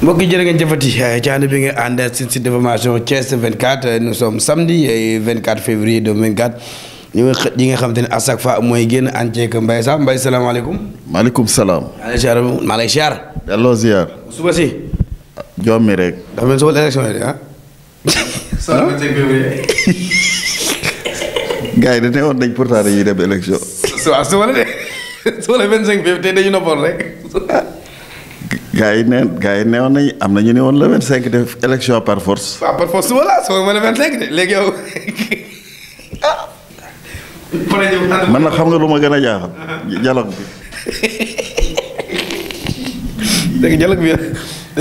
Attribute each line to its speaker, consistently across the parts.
Speaker 1: mbokk yi jërë ngeen jëfati eh, caana bi nga ànd ak site d'information Thiès 24 eh, nous sommes samedi 24 eh, février 2024 ñu ngi ñu yi nga xam te ne à chaque fois mooy génn ànd ceeg Mbaye Sam Mbaye salaamaaleykum. maaleykum
Speaker 2: salaam. maa lay ziar. delloo ziar. suba si. joom mi rek. dafa mel suba élection yi de ah.
Speaker 1: soxna
Speaker 2: gars yi dañ ne woon nañ pourtant dañuy dem élection.
Speaker 1: suba suba la de suba la 25 tey dañu noppoon rek.
Speaker 2: gaa yi neen gaa yi neewoon nañu am na ñu ne woon le 25 def élection par force.
Speaker 1: waaw par force suba la suba ma le 25 de léegi yow
Speaker 2: ah. man na xam nga lu ma gën a jaaxal. dialogue bi.
Speaker 1: dégg dialogue bi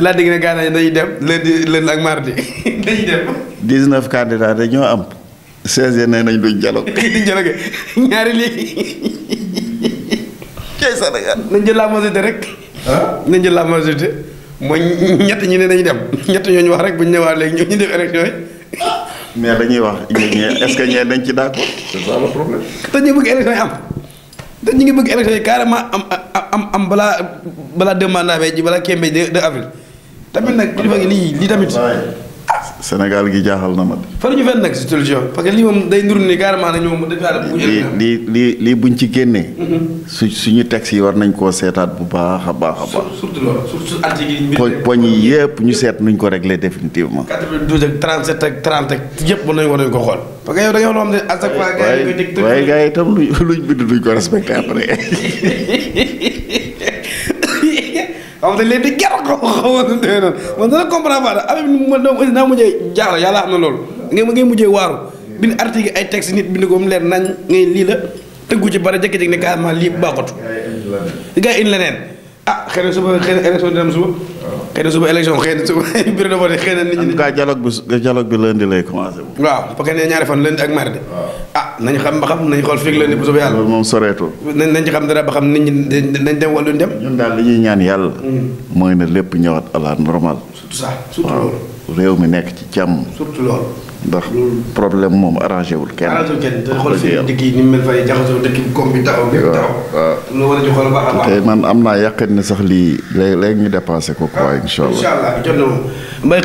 Speaker 1: laa dégg ne gaa nañ dañuy dem lundi lundi ak mardi dañuy
Speaker 2: dem. 19 candidats dañoo am. 16 nee nañ duñ dialogue.
Speaker 1: duñ dialogue ñaari léegi. kay Sénégal. nañ jël la majorité rek. ah nañ jël la majorité moo ñett ñi ne dañuy dem ñett ñooñu wax rek bu ñu ñëwaat léegi ñoom ñu def élection yi.
Speaker 2: mais dañuy wax ñii est-ce que ñee dañ ci d'accord c'est ça le problème.
Speaker 1: te ñu am te ñu ngi bëgg élection yi carrément am am am balaa balaa deux mandats ji balaa kéembe deux avril tamit nag kilifa gi lii lii tamit.
Speaker 2: Sénégal gi jaaxal na ma.
Speaker 1: far ñu fenn nag solution parce que lii moom day ndur ni carrément dañoo mën lii
Speaker 2: lii lii lii buñ ci génnee. Mhm. su suñu texte yi war nañ koo seetaat bu baax a baax a baax. surtout loolu
Speaker 1: surtout poñ
Speaker 2: yi yëpp ñu seet nuñ ko réglé définitivement.
Speaker 1: 92 ak 37 ak 30 ak yëpp mën nañu war nañu ko xool. parce
Speaker 2: que yow da nga xam ne à chaque yi waaye gars yi itam luñ luñ bind duñ ko respecté après.
Speaker 1: xam nga léegi di gerte xaw ma nu dee noonu a dana comprendre pas affaire bi naa mujjee jaaxle yàlla xam na loolu. ngay ngay mujjee waaru. bind article ay texte nit bind ko mu leer nañ ngay lii la tëggu ci bare jëkk jékki ne carrément ah, lii baaxut. gars yi indi leneen ah xëy na suba xëy na élection dina am suba. xëy na suba élection xëy na suba bureau de vote xëy na nit ñi. en tout cas
Speaker 2: dialogue bi dialogue bi lundi lay commencé.
Speaker 1: waaw parce que nee ñaari fan lundi ak mardi. ah nañu xam ba xam nañu xool fii lundi bu soobee yàlla. moom soreetul. nañ nañ xam dara ba xam nañ dem wala
Speaker 2: dem. ñun daal li ñuy ñaan yàlla. Hmm. mooy na lépp ñëwaat à la surtout ça surtout loolu. ndax problème moom arrangé wul kenn. arrangé wul kenn te
Speaker 1: a ci man
Speaker 2: am naa yàqin ne sax lii léegi léegi ñu dépassé ko quoi ah, incha allah. incha allah
Speaker 1: jot moom.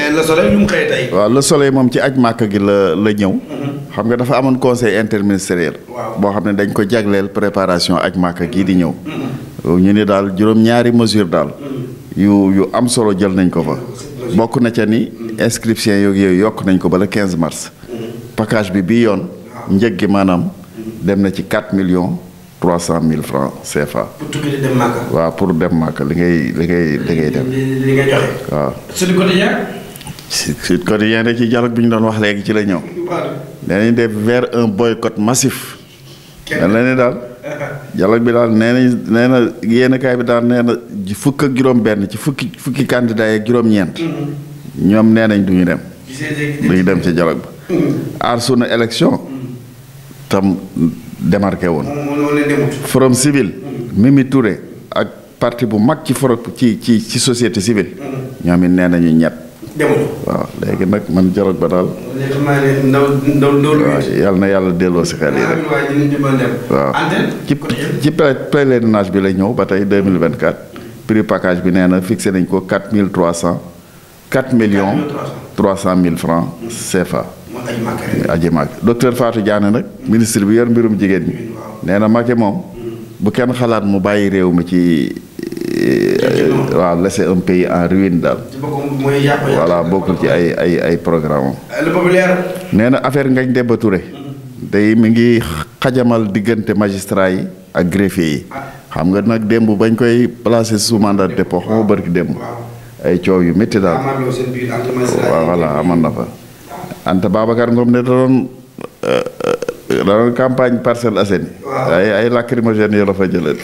Speaker 1: yi
Speaker 2: eh, moom ci aj màkk gi la la ñëw. Mhm. xam nga dafa amoon conseil interministériel. waaw boo xam ne dañ ko jagleel préparation aj màkk gii di ñëw. Mhm. ñu ne daal juróom-ñaari mesure daal mhm. yu yu am solo jël nañ ko fa bokk na ca ni inscription yooyu yooyu yokk nañ ko ba le 15 mars package bi bii yoon njëg gi maanaam dem na ci million millions cent mille francs CFA. pour tukki waaw pour dem Màkka li ngay li ngay li ngay dem. li waaw. Sud Quotidien. Sud Quotidien de ci dialogue bi ñu doon wax léegi ci la ñëw. waaw danañ def vers un boycott massif. kenn daal. dialogue bi daal nee nañ nee na yéen bi daal nee na fukk ak juróom-benn ci fukki fukki candidat yeeg juróom-ñeent. ñoom nee nañ du dem. du ñu dem ci dialogue ba. aar sunu élection. tam démarqué woon. forum civil. Mimi Touré ak parti bu mag ci forum ci ci ci société civile. ñoom it nee nañu ñett. waaw léegi nag man jarog ba daal. yal na yàlla delloo si xel yi
Speaker 1: rek.
Speaker 2: waaw ci ci pèlerinage bi lay ñëw ba tey mille 2024. prix package bi nee na fixé nañ ko 4300 4 millions 300 mille francs CFA. aji Màkk docteur Fatou Diané nag ministre bi yor mbirum jigéen ñi. nee na Màkk moom. Mm. bu kenn xalaat mu bàyyi réew mi ci. Euh, waaw laisser un pays en ruine daal. voilà bokkul ci ay ay ay programme euh, nee na affaire Ngagne Demba Touré. Mm-hmm. day mi ngi xajamal diggante magistrat yi ak greffier yi. Ah. xam nga nag démb bañ koy placer sous mandat de dépôt xaw ay coow yu métti daal. waaw voilà amoon na fa. Anta Babacar Ngom ne da doon euh, da doon campagne Parcelles Assainies. ay ay lacrymogènes fa jëlee.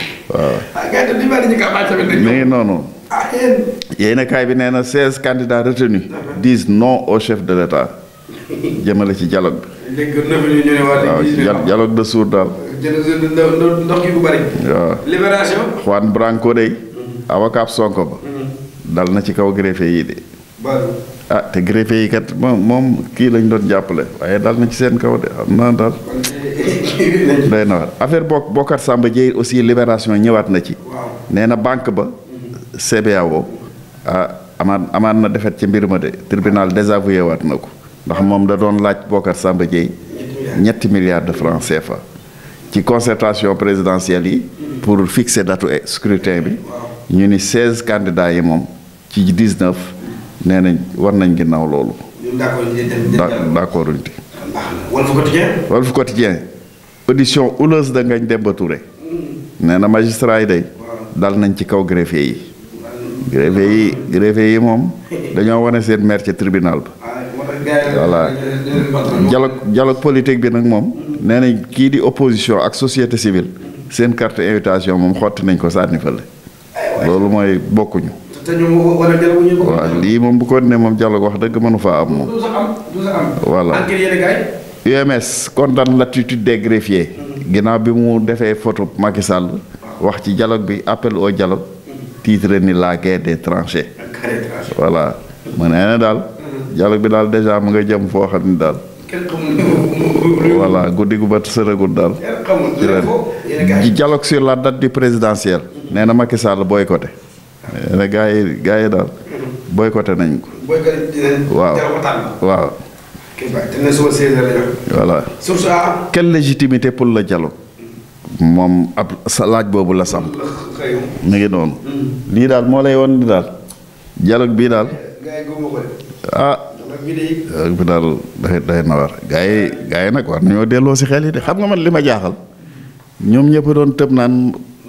Speaker 2: waaw. ah
Speaker 1: ngi
Speaker 2: noonu. ah, ah bi nee na seize candidats retenus. disent non au chef de l' état jëmale ci dialogue
Speaker 1: bi. waaw ah,
Speaker 2: dialogue de sourds daal.
Speaker 1: ndox ah.
Speaker 2: Juan Branco dey. Mhm. avocat Sonko ba. Mhm. dal na ci kaw greffe yi de. ah te greffier yi kat moom kii lañu doon jàppale waaye dal na ci seen kaw de xam naa daal. day na war affaire bokk Bokar Samba Dieye aussi libération ñëwaat na ci. nee na banque ba. CBAO ah amaat amaat na defet ci mbir ma de tribunal désavoué waat na ko ndax moom da doon laaj Bokar sàmba Dieye ñetti milliards de francs CFA. ci concertation présidentielle yi. pour fixer datu scrutin bi. ñu ni seize candidats yi moom ci dix nee nañ war nañ ginnaaw loolu. d' accord ñu ci. Walf Quotidien. Walf Quotidien audition houleuse da Ngagne nee na magistrat yi day. dal nañ ci kaw greffier yi. greffier yi yi moom dañoo wane seen maire ci tribunal ba. Ah, voilà dialogue dialogue politique bi nag moom. nee nañ kii di opposition ak société civile. seen carte invitation moom xotti nañ ko sànni fële. loolu mooy bokkuñu.
Speaker 1: te lii moom
Speaker 2: bu ko ne moom dialogue wax dëgg mënu faa am moom. du
Speaker 1: sa
Speaker 2: am du UMS condamne l'attitude des greffiers. ginnaaw bi mu defee photo Macky Sall. wax ci dialogue bi appel au dialogue. titre ni la guerre des tranchées. voilà mu nee daal. Mm-hmm. dialogue bi daal dèjà mu nga jëm foo xam ni daal. voilà guddi gu bët sërëgul daal. ci dialogue sur la date du présidentiel. Mm-hmm. nee na Macky booy boycotté. ne gaa yi yi daal boycotté nañ ko. waaw waaw. voilà. quelle légitimité pour la dialogue. moom ab sa laaj boobu la samp mu ngi noonu. Hmm. lii daal moo lay won ni daal. dialogue bii daal.
Speaker 1: ah. dialogue
Speaker 2: bi daal dafay day na war gaa yi gaa yi nag war nañoo delloo si xel yi de xam nga man li ma jaaxal. ñoom ñëpp doon tëb naan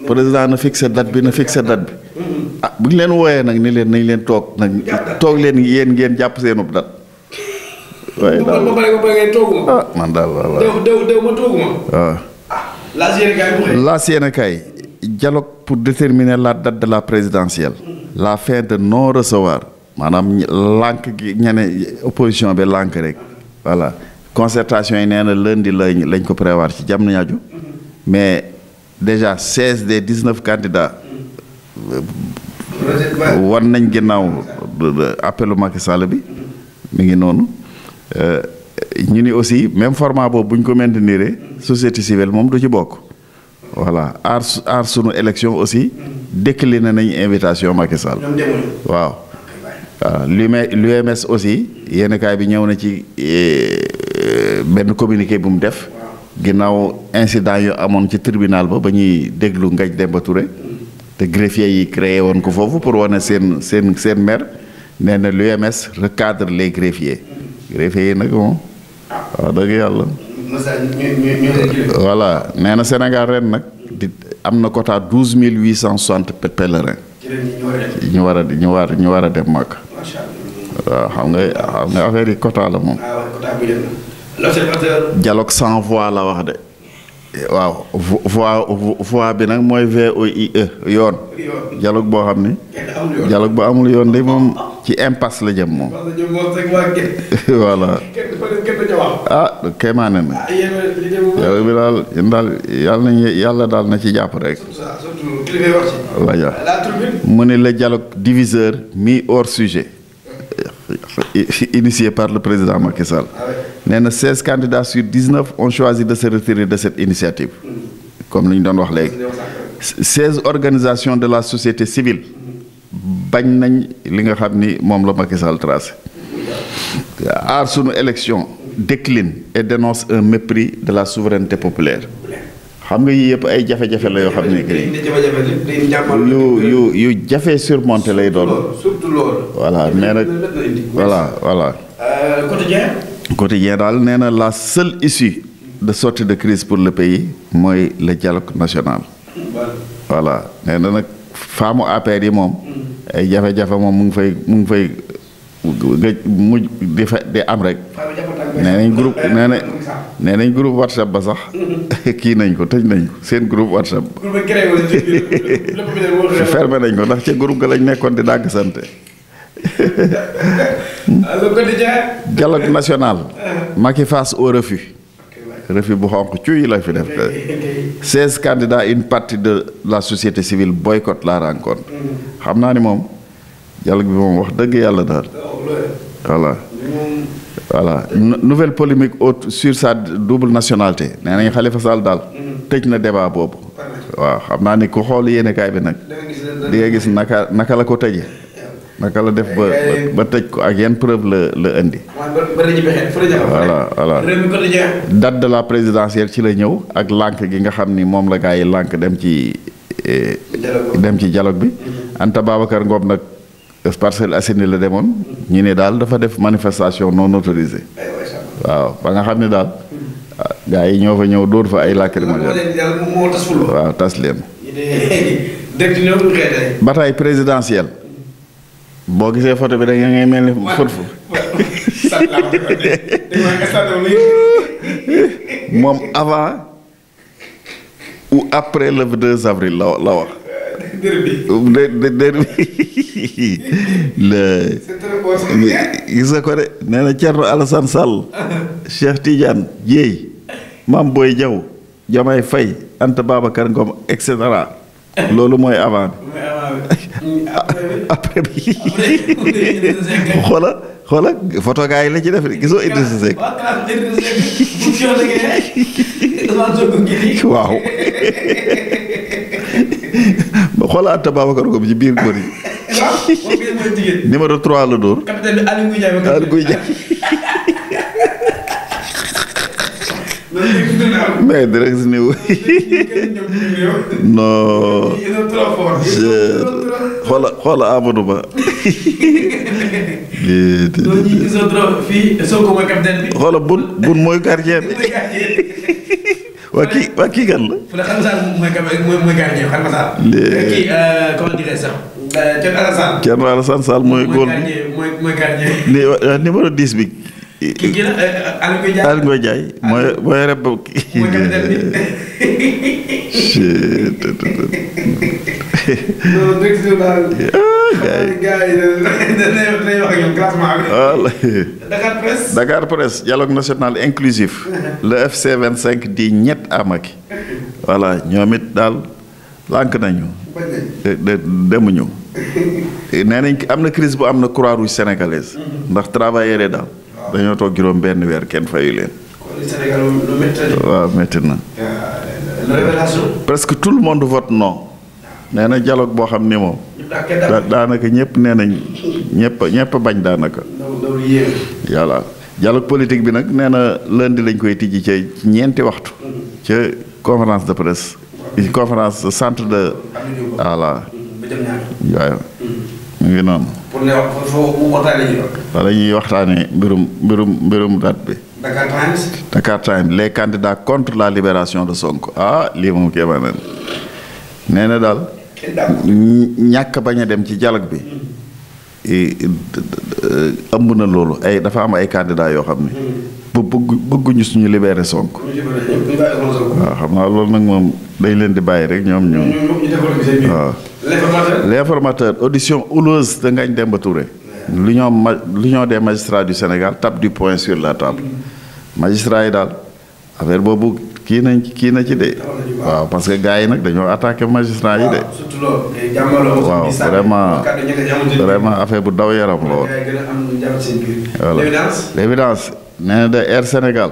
Speaker 2: président na fixé date bi na fixé date bi. ah bu ñu leen wooyee nag ni leen nañ leen toog nag. toog leen yéen ngeen jàpp seenub dat. waaye daal ba pare
Speaker 1: ba pare ngeen tooguma.
Speaker 2: ah man pour déterminer la date de la présidentielle. la fin de non recevoir. maanaam lànk gi ñene opposition bi lànk rek. voilà concertation yi nee na lundi lañ ko prévoir ci jàmm nañu mm-hmm. mais déjà seize des dix neuf candidats. Euh, wan nañ ginnaaw appelu Macky Sall bi mu ngi noonu euh, ñu ni aussi même format boobu buñ ko maintenir société civile moom du ci bokk voilà aar aar sunu élection aussi na nañu invitation Macky Sall waaw waaw l'UMS e, aussi yenn bi ñëw na ci euh, benn communiqué bu mu def ginnaaw incident yu amoon ci tribunal ba ba ñuy déglu Ngagne Demba Touré te greffier yi créer woon ko foofu pour wane seen seen seen maire lu na l'UMS recadre les greffiers greffier yi nag moom waaw dëgg yàlla voilà nee na Sénégal ren nag di am na quota douze mille huit cent soixante pèlerins ñu war a ñu war ñu war a dem Makka waaw xam nga xam nga affaire yi quota la moom ah dialogue sans voix la wax de waaw voie voie bi nag mooy VOIE yoon. dialogue boo xam ni. dialogue boo amul yoon li oh. moom ci impasse la jëm moom. voilà. ah kéemaane na. Ah, dialogue bi daal yéen daal yàlla daal na ci jàpp rek. voilà. mu ne le dialogue diviseur mis hors sujet initié par le président Macky Sall. Ah nee na seize candidats sur dix neuf ont choisi de se retirer de cette initiative comme li ñu doon wax léegi seize organisations de la société civile bañ nañ li nga xam ni moom la ma Sall tracé aar sunu élection décline et dénonce un mépris de la souveraineté populaire xam nga yii yëpp ay jafe-jafe la yoo xam ne que yu yu yu jafe surmonté lay doon. surtout loolu. voilà mais nag voilà voilà. Euh, quotidien daal nee na la seule issue de sortie de crise pour le pays mooy le dialogue national voilà nee na nag faamu APR yi moom ay jafe-jafe moom mu ngi fay mu ngi fay gëj mujj di fa di am rek nee nañ groupe nee nañ nañ groupe whatsapp ba sax kii nañ ko tëj nañ ko seen group whatsapp fermé nañ ko ndax ca group ga lañ nekkoon di dàgg sante
Speaker 1: le
Speaker 2: national. Ah. Macky face au refus. refus bu xonq cuy la fi def. seize candidats une partie de la société civile boycott la rencontre. Mm. xam naa ni moom dialogue bi moom wax dëgg yàlla daal. Oh, voilà. voilà nouvelle polémique haute sur sa double nationalité nee nañu Khalifa Sall daal. Mm. tëj na débat boobu. waaw xam naa ni ku xool yéene kaay bi nag. di nga gis naka naka la ko tëjee. naka la def ba ba tej ko ak yenn preuve la la indi. voilà voilà date de la présidentielle ci la ñëw ak lànk gi nga xam ni moom la gaa yi lànk dem ci. Eh, dem ci dialogue bi. Mm-hmm. Anta Babacar Ngom nag Parcelles Assainies la demoon. ñu ne daal dafa def manifestation non autorisée. waaw ba nga xam ne daal. Mm-hmm. Ah, gaa yi ñoo fa ñëw dóor fa ay lacrymogène. waaw tas leen. bataille présidentielle. boo gisee photo bi rek ya ngay mel ni. fut fu moom avant ou après le 2 avril la wax. dër gis nga ko de nee na Thierno Alassane Sall. Cheikh Tidiane Dieye. Mame Boye Diaw. Diomaye Faye Anta Babacar Ngom et loolu mooy avant bi après bi xoola xoola photo yi la ci def gisoo Idrissa Seck waaw ba xoolaat ko bi ci biir góor
Speaker 1: yi
Speaker 2: numéro 3 la dóor Aliou Guy mais direct néew. non. je xoola xoola Amadou Ba. xoola bun bun mooy gardien waa kii waa kii kan la. fële xam saa moom
Speaker 1: mooy mooy gardien xam
Speaker 2: saa. kii comment dire kii kii la eh, eh, Aliou Ngoye Ndiaye. mooy mooy rëbb. inclusif. le FC 25 di ñett amaki. voilà ñoom it daal lànk nañu. demuñu. nee nañ am na crise bu am na Croix-Rouge sénégalaise. Mm-hmm. ndax travailleur daal. dañoo toog juróom benn weer kenn fayu leen. waaw métti na. presque tout le monde vote non. nee na dialogue boo xam ni moom. daanaka ñëpp nee nañ ñëpp ñëpp bañ daanaka. yàlla dialogue politique bi nag nee na lundi lañ koy tijji ca ñeenti waxtu. Mm-hmm. ca conférence de presse. conférence centre de. voilà. Mm-hmm. Mm-hmm. mu ngi noonu.
Speaker 1: kon ne waxtaanee ñu doon.
Speaker 2: dañuy waxtaanee mbirum mbirum mbirum date bi. Dakar Times. Dakar Times contre la libération de sonk ah lii moom kii ma ne na daal. ñàkk bañ a dem ci dialogue bi. ëmb na loolu ay dafa am ay candidats yoo xam ne. Hmm. bu bëgguñu suñu libéré sonk waaw xam naa loolu nag moom dañ leen di bàyyi rek ñoom ñoom. l'informateur l'informateur audition houleuse de Ngagne Demba Touré. l'union ma l'union des magistrats du Sénégal tape du poing sur la table. magistrats yi daal affaire boobu kii nañ kii na ci de. waaw parce que gars yi nag dañoo attaqué magistrats yi de. waaw vraiment vraiment affaire bu daw yaram la woon. voilà l'évidence nee de Air Sénégal.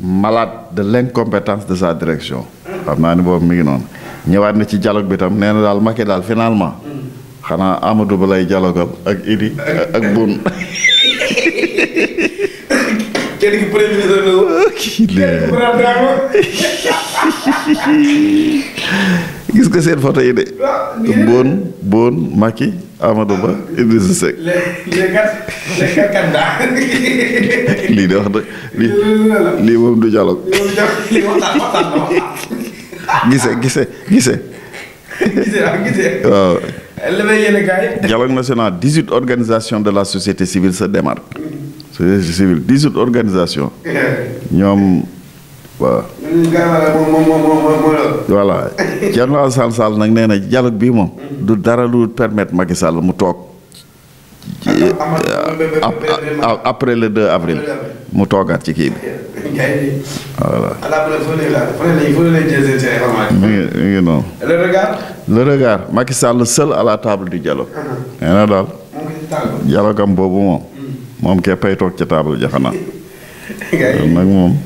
Speaker 2: Mm. malade de l'incompétence de sa direction. xam naa ni boobu mi ngi noonu. ñëwaat na ci dialogue bitam tam nee na daal Macky daal finalement. xanaa Amadou Ba lay dialogal ak Idi ak Boun. kenn ki gis nga seen photo yi de.
Speaker 1: Ah, Boun
Speaker 2: Boun Macky Amadou Ba ah. Idrissa Seck. lii de wax de lii moom du dialogue. gise gise gise ah, waaw dialogue national 18 organisation de la société civile se démarquent société civile 18 organisation ñoom waaw voilà Thierno Alassane Sall nag nee na dialogue bii moom du dara lu permettre magis Sall mu toog après le 2 avril mu toogaat ci kii bi
Speaker 1: voilà. mi ngi mi
Speaker 2: du dialogue. Ah nee ca table hmm. jaxanaa. nag moom.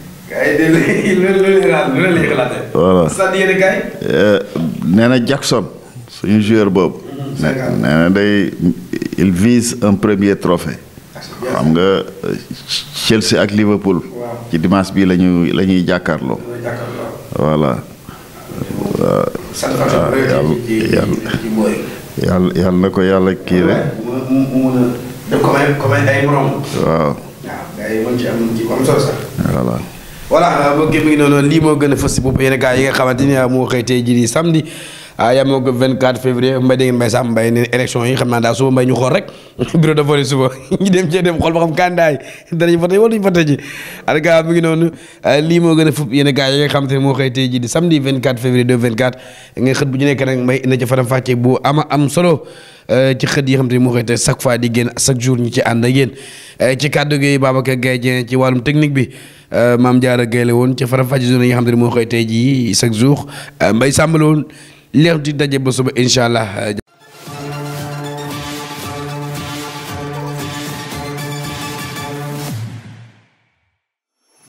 Speaker 2: Eh, Jackson suñu joueur boobu. Hmm, nee na day il vise un premier trophée xam nga Chelsea ak Liverpool. ci dimanche bi la ñu la ñuy jàkkaarloo. voilà. yàlla na ko yàlla kii rek.
Speaker 1: waaw. voilà. voilà mbokk mi ngi noonu lii moo gën a fës si bopp gaa yi nga xamante ni moo xëy tey jii samedi. ah yaa moom ko 24 février mbay dégg ngeen mbay sax mbay ne élection yi xam naa daal suba mbay ñu xool rek bureau de vote suba ñu dem cee dem xool mu ngi noonu ah, moo a xam te ne moo xëy tey ñu nekk nag ah, yi xam te ne moo di génn chaque jour ñu ci ànd ah, technique bi maam Diarra Gaye woon ci faram fàcce yi nga xam te leer di daje ba suba incha allah.